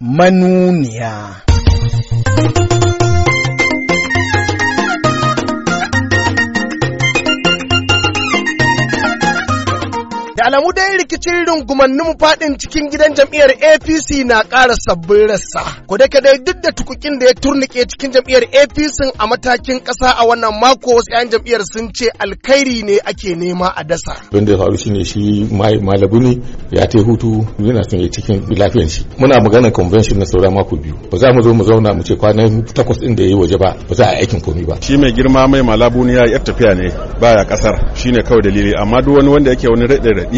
manuniya. alamu dai rikicin rungumannin faɗin cikin gidan jam'iyyar APC na ƙara sabbin rassa. Ko dai kadai duk da tukukin da ya turnike cikin jam'iyyar APC a matakin ƙasa a wannan mako wasu 'yan jam'iyyar sun ce alkhairi ne ake nema a dasa. Abin da faru shine shi malabu ne ya ta hutu yana son ya cikin lafiyar shi. Muna maganar convention na saura mako biyu. Ba za mu zo mu zauna mu ce kwanan takwas ɗin da ya yi waje ba ba za a aikin komi ba. Shi mai girma mai malabu ne ya yar tafiya ne baya ƙasar shine kawai dalili amma duk wani wanda yake wani raɗe-raɗi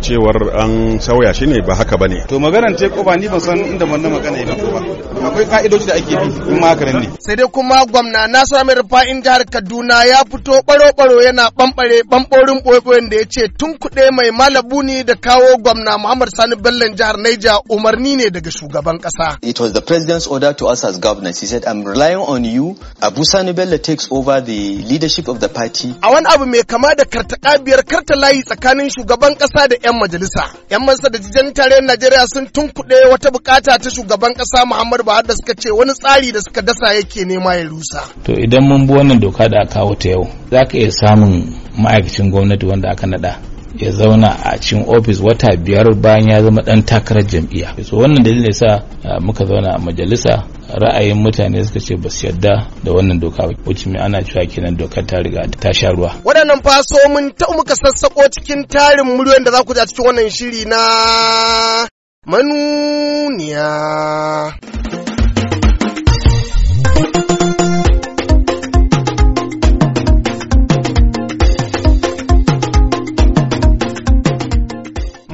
cewar an sauya shi ne ba haka ba ne. To maganar ce ba ni ban san inda wannan magana ya fito ba. Akwai ka'idoji da ake bi in ma haka ne. Sai dai kuma gwamna Nasu Amir Fa'in jihar Kaduna ya fito baro-baro yana bambare bamborin boyoyin da ya ce tun kuɗe mai malabu ne da kawo gwamna Muhammad Sani Bello jihar Niger umarni ne daga shugaban ƙasa. It was the president's order to us as governors. He said I'm relying on you. Abu Sani Bello takes over the leadership of the party. A wani abu mai kama da karta kabiyar karta layi tsakanin shugaban ƙasa da 'yan majalisa. 'Yan majalisar da jijen tarayyar Najeriya sun tunkuɗe wata bukata ta shugaban ƙasa Muhammadu Buhari da suka ce wani tsari da suka dasa yake nema ya rusa. To idan mun bi wannan doka da aka kawo ta yau, za ka iya samun ma'aikacin gwamnati wanda aka naɗa ya zauna a cikin ofis wata biyar bayan ya zama dan takarar jam'iyya so wannan dalilin sa uh, muka zauna a majalisa ra'ayin mutane suka ce ba su yarda da wannan doka ba wuce mai ana cewa kenan dokar ta riga ta sha ruwa waɗannan faso mun ta muka sassako cikin tarin muryoyin da za ku ji a cikin wannan shiri na manuniya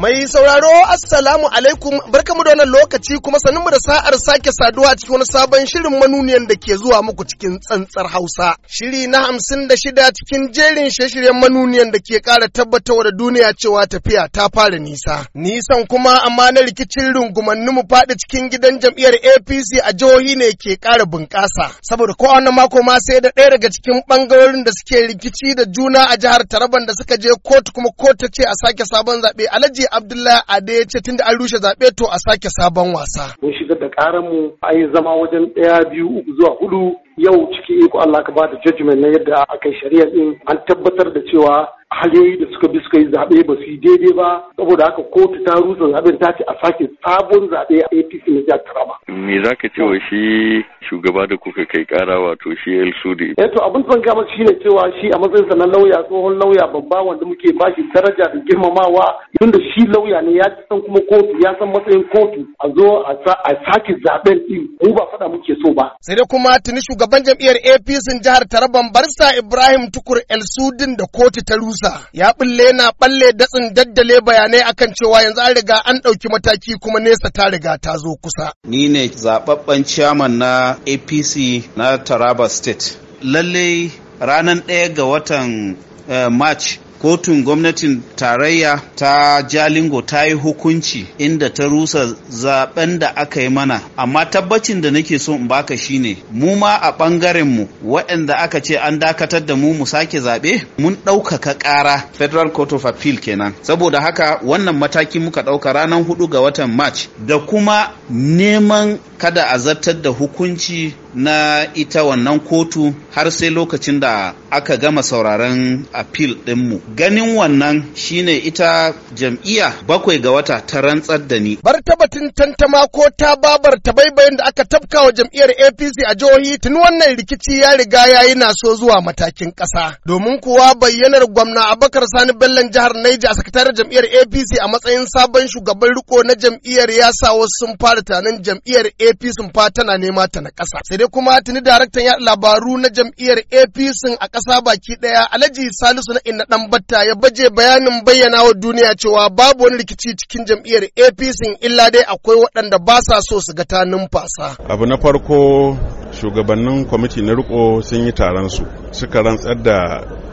Mai sauraro Assalamu alaikum barkamu da wannan lokaci kuma saninmu da sa'ar sake saduwa a cikin wani sabon shirin manuniyan da ke zuwa muku cikin tsantsar Hausa. Shiri na hamsin da shida cikin jerin shirye-shiryen manuniyan da ke ƙara tabbatarwa da duniya cewa tafiya ta fara nisa. Nisan kuma amma na rikicin rungumannin mu faɗi cikin gidan jam'iyyar APC a jihohi ne ke ƙara bunƙasa. Saboda ko wannan mako ma sai da ɗaya daga cikin ɓangarorin da suke rikici da juna a jihar Taraban da suka je kotu kuma kotu ce a sake sabon zaɓe Alhaji Abdullahi ade ya ce tunda an rushe zaɓe to a sake sabon wasa. Mun shigar da ƙaranmu a yi zama wajen ɗaya biyu uku zuwa hudu yau ciki iko Allah ka bada judgment na yadda aka shari'a ɗin an tabbatar da cewa hanyoyi da suka bi suka yi zaɓe ba su yi daidai ba saboda haka kotu ta rusa zaɓen ta ce a sake sabon zaɓe a APC na jihar Taraba. Me za ka ce wa shi shugaba da kuka kai ƙara wato shi El Sudi? Eh to abin zan gama shi ne cewa shi a matsayinsa na lauya tsohon lauya babba wanda muke ba shi daraja da girmamawa da shi lauya ne ya san kuma kotu ya san matsayin kotu a zo a sake zaɓen ɗin mu ba faɗa muke so ba. Sai dai kuma tuni shugaban jam'iyyar APC jihar Taraban Barista Ibrahim Tukur El Sudin da kotu ta rusa. rusa ya bulle na balle datsin daddale bayanai akan cewa yanzu an riga an ɗauki mataki kuma nesa ta riga ta zo kusa. Ni ne zaɓaɓɓen ciyaman na APC na Taraba State. Lallai ranar ɗaya ga watan eh, March kotun gwamnatin tarayya ta jalingo ta yi hukunci inda ta rusa zaben da aka yi mana amma tabbacin da nake so in baka shine mu ma a bangaren mu waɗanda aka ce an dakatar da mu mu sake zaɓe mun ɗaukaka ƙara federal court of appeal kenan saboda haka wannan mataki muka ɗauka ranar hudu ga watan march da kuma neman kada a zartar da hukunci na ita wannan kotu har sai lokacin da aka gama sauraron appeal ɗinmu ganin wannan shine ita jam'iya bakwai ga wata ta rantsar da ni bar tabbatin tantama ko ta babar ta baibayin da aka tafka wa jam'iyyar apc a jihohi tun wannan rikici ya riga ya yi so zuwa matakin kasa domin kuwa bayyanar gwamna abakar sani bellan jihar naija a sakataren jam'iyyar apc a matsayin sabon shugaban riko na jam'iyyar ya sa wasu sun fara tunanin jam'iyyar apc fa tana nema ta na ƙasa sai sai kuma tuni daraktan yaɗa labaru na jam'iyyar APC a ƙasa baki ɗaya Alhaji Salisu na Inna dan Batta ya baje bayanin bayyana wa duniya cewa babu wani rikici cikin jam'iyyar APC illa dai akwai waɗanda ba sa so su ga ta numfasa. Abu na farko shugabannin kwamiti na riko sun yi taron su suka rantsar da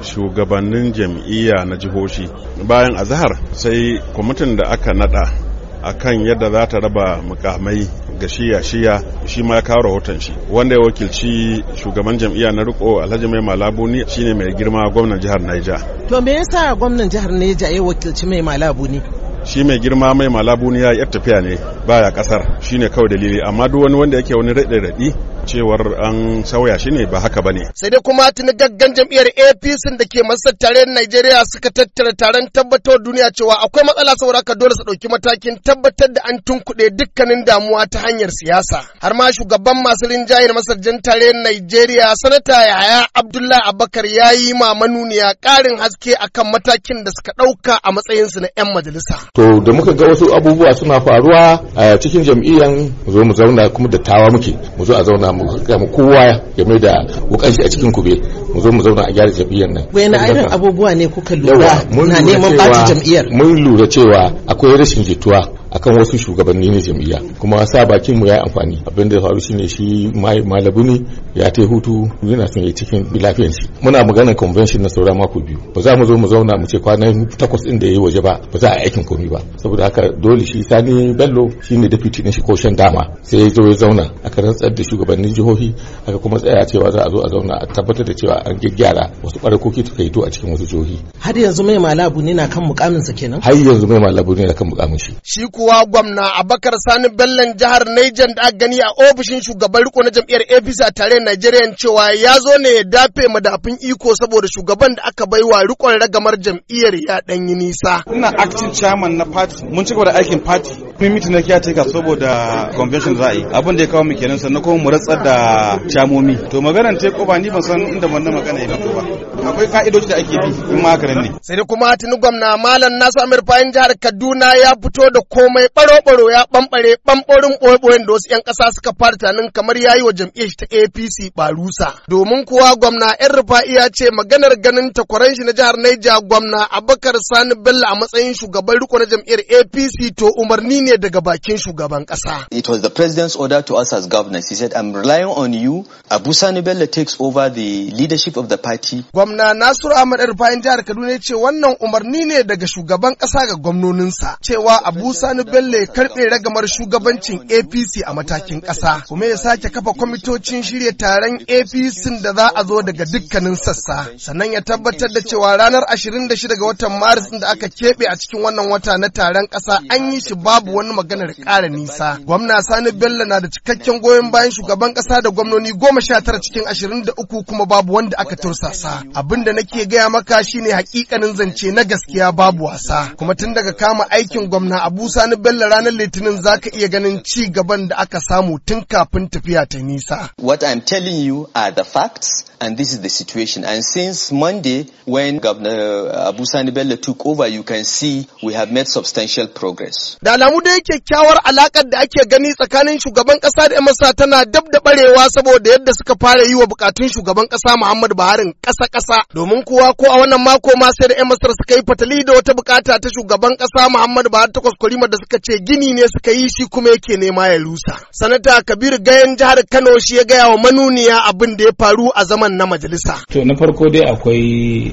shugabannin jam'iyya na jihohi bayan azahar sai kwamitin da aka nada akan yadda za ta raba mukamai ga shiya shiya shi ma ya kawo rahoton shi wanda ya wakilci shugaban jam'iyya na riko alhaji mai malabuni shine mai girma gwamnan jihar Niger to me yasa gwamnan jihar Niger ya wakilci mai malabuni shi mai girma mai malabuni ya yar tafiya ne baya kasar shine kawai dalili amma duk wani wanda yake wani raɗe raɗi cewar an sauya shi ne ba haka ba ne. Sai dai kuma tuni gaggan jam'iyyar APC da ke masar na Najeriya suka tattara taron tabbatar duniya cewa akwai matsala saboda haka dole su ɗauki matakin tabbatar da an tunkuɗe dukkanin damuwa ta hanyar siyasa. Har ma shugaban masu na masar jan na Najeriya sanata Yahaya Abdullahi Abakar ya yi ma manuniya ƙarin haske akan matakin da suka ɗauka a matsayinsu na 'yan majalisa. To da muka ga wasu abubuwa suna faruwa a cikin jam'iyyan zo mu zauna kuma da tawa muke mu zo a zauna ga mu kowa ya da wukanci a cikin kube mu zo mu zauna a gyara jam'iyyar nan na irin abubuwa ne kuka lura na neman bata jam'iyyar mun lura cewa akwai rashin jituwa akan wasu shugabanni na jam'iyya kuma sa bakin mu ya amfani abin da faru shine shi malabu ne ya ta hutu yana son ya cikin lafiyar shi muna maganar convention na saura mako biyu ba za mu zo mu zauna mu ce kwana takwas din da yayi waje ba ba za a aikin komi ba saboda haka dole shi sani bello shine deputy na shi ko shan dama sai ya zo ya zauna aka rantsar da shugabannin jihohi aka kuma tsaya cewa za a zo a zauna a tabbatar da cewa an gyaggyara wasu barkoki suka yi to a cikin wasu jihohi har yanzu mai malabu ne na kan mukamin sa kenan har yanzu mai malabu ne na kan mukamin shi shi ko sabuwa gwamna Abakar Sani Bellan jihar Niger da aka gani a ofishin shugaban riko na jam'iyyar APC a tare Najeriya cewa ya zo ne ya dafe madafin iko saboda shugaban da aka baiwa rikon ragamar jam'iyyar ya dan yi nisa. Ina acting chairman na party mun ci gaba da aikin party Mun miti na kiyace ka saboda convention za yi. Abin da ya kawo mu kenan sannan kuma mu ratsar da camomi. To maganar te ba ni ban san inda wannan magana ya fito ba. Akwai ka'idoji da ake bi in ma haka ne. Sai da kuma tuni gwamna Malam Nasu Amir Fayin jihar Kaduna ya fito da komai baro-baro ya bambare bambarin boyboyin da wasu 'yan ƙasa suka fara tunanin kamar yayi wa jam'iyyar ta APC barusa. Domin kuwa gwamna 'yan rufa'i ya ce maganar ganin takwaran shi na jihar Naija gwamna Abubakar Sani Bello a matsayin shugaban riko na jam'iyyar APC to umarni ne daga bakin shugaban kasa. It was the president's order to us as governors. He said, I'm relying on you. Abu Sani Bello takes over the leadership of the party. Gwamna Nasiru Ahmed Rufa'in jihar Kaduna ya ce wannan umarni ne daga shugaban kasa ga gwamnoninsa cewa Abu Sani Bello ya karɓe ragamar shugabancin APC a matakin kasa kuma ya sake kafa kwamitocin shirya taron APC da za a zo daga dukkanin sassa sannan ya tabbatar da cewa ranar 26 ga watan Maris da aka keɓe a cikin wannan wata na taron ƙasa an yi shi babu wani maganar ƙara nisa. Gwamna Sani Bello na da cikakken goyon bayan shugaban ƙasa da gwamnoni goma sha tara cikin ashirin da uku kuma babu wanda aka tursasa. Abin da nake gaya maka shine hakikanin zance na gaskiya babu wasa. Kuma tun daga kama aikin gwamna Abu Sani Bello ranar Litinin za ka iya ganin ci gaban da aka samu tun kafin tafiya ta nisa. What I'm telling you are the facts and this is the situation. And since Monday when Governor Abu Sani Bello took over, you can see we have made substantial progress. Da alamu dai kyakkyawar alakar da ake gani tsakanin shugaban kasa da 'yan masa tana dab da barewa saboda yadda suka fara yi wa bukatun shugaban kasa Muhammadu Buhari kasa kasa domin kuwa ko a wannan mako ma sai da 'yan masar suka yi fatali da wata bukata ta shugaban kasa Muhammadu Buhari takwas kwalimar da suka ce gini ne suka yi shi kuma yake nema ya rusa. Sanata kabir Gayan jihar Kano shi ya gaya wa manuniya abin da ya faru a zaman na majalisa. To na farko dai akwai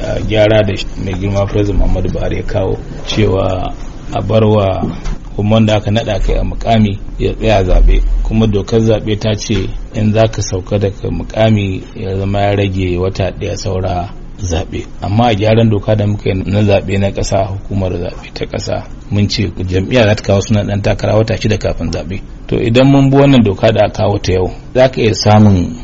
ah, gyara da mai girma Firazin Muhammadu Buhari ya kawo cewa a barwa kuma da aka naɗa kai a mukami ya tsaya zaɓe kuma dokar zaɓe ta ce in za ka sauka daga mukami ya zama ya rage wata ɗaya saura zaɓe amma a gyaran doka da muka yi na zaɓe na ƙasa hukumar zaɓe ta kasa mun ce jam'iyya za ta kawo suna ɗan takara wata shida kafin zaɓe to idan mun bi wannan doka da aka kawo ta yau za ka iya samun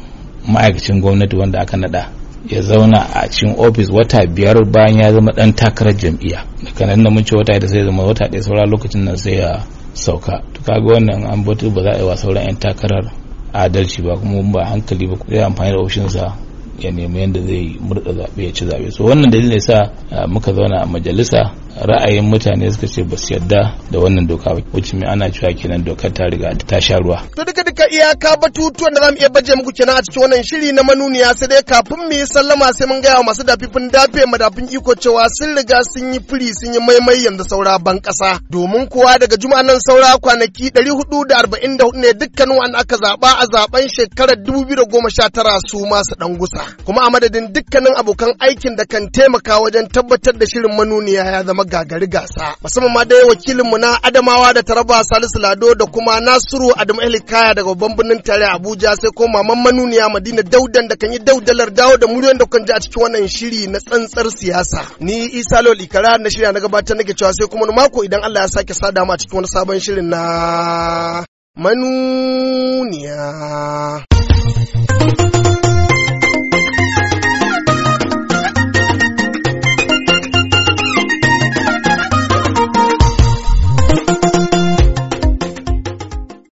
ma'aikacin gwamnati wanda aka naɗa ya zauna a cikin ofis wata biyar bayan ya zama dan takarar jam'iyya daga nan da mun ce wata da sai zama wata ɗaya saura lokacin nan sai ya sauka to kaga wannan an batu ba za a yi wa sauran yan takarar adalci ba kuma ba hankali ba zai amfani da ofishin sa ya nemi yadda zai murda zaɓe ya ci zaɓe so wannan dalilin sa ah, muka zauna a majalisa ra'ayin mutane suka ce ba su yadda da wannan doka ba wuce mai ana cewa kenan dokar ta riga ta sha ruwa to duka duka iyaka batutuwan da zamu iya baje muku kenan a cikin wannan shiri na manuniya sai dai kafin mu yi sallama sai mun gaya wa masu dafifin dafe madafin iko cewa sun riga sun yi firi sun yi maimai yanzu saura ban kasa domin kuwa daga juma'a nan saura kwanaki 444 ne dukkanin wanda aka zaba a zaben shekarar 2019 su masu dan gusa kuma a madadin dukkanin abokan aikin da kan taimaka wajen tabbatar da shirin manuniya ya zama gagari gasa musamman ma dai wakilin mu na Adamawa da Taraba Salisu Lado da kuma Nasiru Adamu Elikaya daga babban birnin tare Abuja sai ko maman manuniya Madina Daudan da kan yi daudalar dawo da muryoyin da kun ji a cikin wannan shiri na tsantsar siyasa ni Isa Lol Ikara na shirya na gabatar nake cewa sai kuma mako idan Allah ya sake sada mu a cikin wani sabon shirin na manuniya.